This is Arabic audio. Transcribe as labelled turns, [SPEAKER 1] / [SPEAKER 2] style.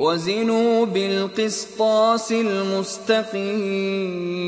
[SPEAKER 1] وزنوا بالقسطاس المستقيم